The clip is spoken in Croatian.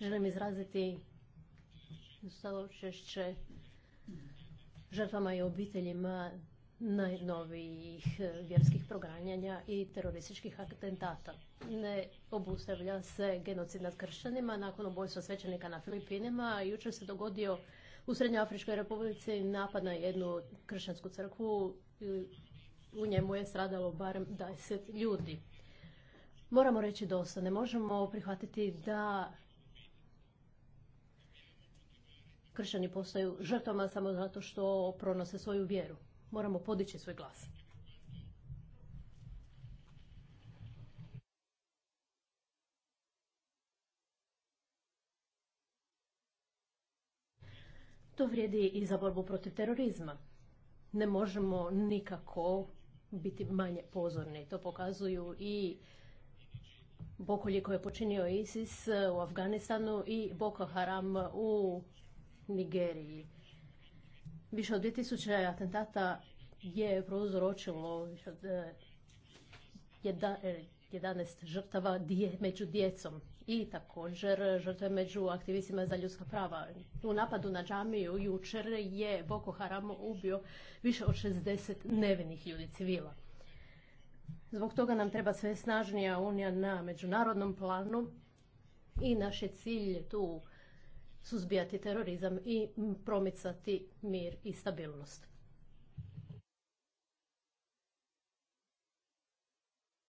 Želim izraziti saočešće žrtvama i obiteljima najnovijih vjerskih proganjanja i terorističkih atentata. Ne obustavlja se genocid nad kršćanima nakon obojstva svećenika na Filipinima. Jučer se dogodio u Srednjoafričkoj republici napad na jednu kršćansku crkvu. U njemu je stradalo barem 10 ljudi moramo reći dosta. Ne možemo prihvatiti da kršćani postaju žrtvama samo zato što pronose svoju vjeru. Moramo podići svoj glas. To vrijedi i za borbu protiv terorizma. Ne možemo nikako biti manje pozorni. To pokazuju i bokolje koje je počinio ISIS e, u Afganistanu i Boko Haram u Nigeriji. Više od 2000 atentata je prouzročilo više 11 e, e, žrtava među djecom i također žrtve među aktivistima za ljudska prava. U napadu na džamiju jučer je Boko Haram ubio više od 60 nevinih ljudi civila. Zbog toga nam treba sve snažnija unija na međunarodnom planu i naš je cilj tu suzbijati terorizam i promicati mir i stabilnost.